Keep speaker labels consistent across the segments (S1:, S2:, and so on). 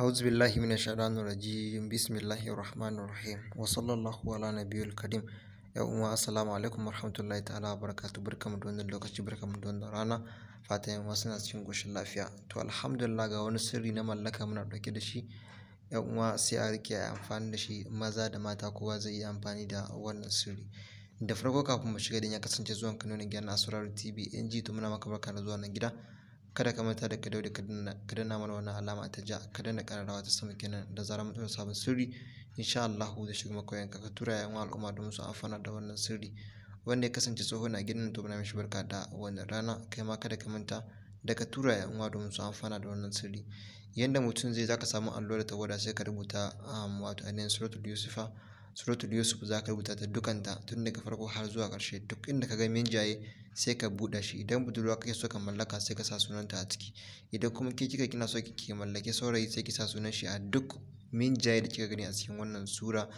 S1: أعوذ بالله من الشيطان الرجيم بسم الله الرحمن الرحيم وصلى الله على نبي الكريم يا أمة السلام عليكم ورحمة الله lokaci barkamu da wannan rana fatan yan na cikin goshin lafiya to alhamdulillah ga wani sirri na mallaka muna dauke da shi yan uwa sai a rike amfani da shi maza da mata kowa zai yi amfani da wannan sirri da farko kafin mu shiga din ya kasance zuwan Kano ne gyan Asrar TV NG to muna maka barka da zuwa nan gida Kada ka manta da ka daure ka danna, mana wannan alama ta ja, ka danna kararrawa ta sama kenan da zarar mun ɗora sabon sirri insha Allah zai shiga maka yanka ka tura yan al'umma don su amfana da wannan sirri. Wanda ya kasance tsoho na gidan to muna mishi barka da wannan rana kai ma kada ka manta da ka tura yan uwa don su amfana da wannan sirri. Yanda mutum zai zaka samu allo da tawada sai ka rubuta um, wato ainihin suratul Yusufa suratul yusuf za ka rubuta ta dukanta tun daga farko har zuwa karshe duk inda ka ga minjaye sai ka buɗe shi idan budurwa kake so ka mallaka sai ka sa sunanta a ciki idan kuma ke kika kina so ki mallake saurayi sai ki sa sunan shi a duk minjaye da kika gani a cikin wannan sura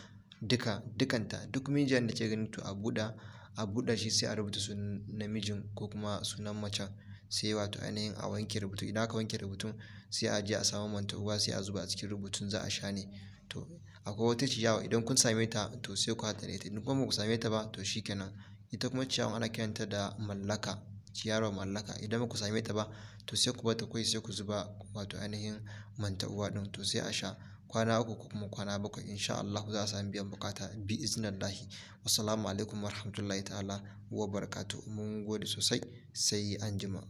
S1: duka dukanta duk minjayen da kika gani to a buɗa a buɗe shi sai a rubuta sunan namijin ko kuma sunan macen sai wato ainihin a wanke rubutu idan aka wanke rubutun sai a je a samu manta uwa sai a zuba a cikin rubutun za a sha ne to akwai wata ciyawa idan kun same ta to sai ku haɗa ita idan kuma ku same ta ba to shi kenan ita kuma ciyawan ana kiranta da mallaka ciyarwa mallaka idan ku same ta ba to sai ku bata kai sai ku zuba wato ainihin manta uwa ɗin to sai a sha kwana uku ko kuma kwana bakwai insha Allah za a sami biyan bukata bi iznillahi wassalamu alaikum warahmatullahi ta'ala wa barakatuh mun gode sosai sai anjima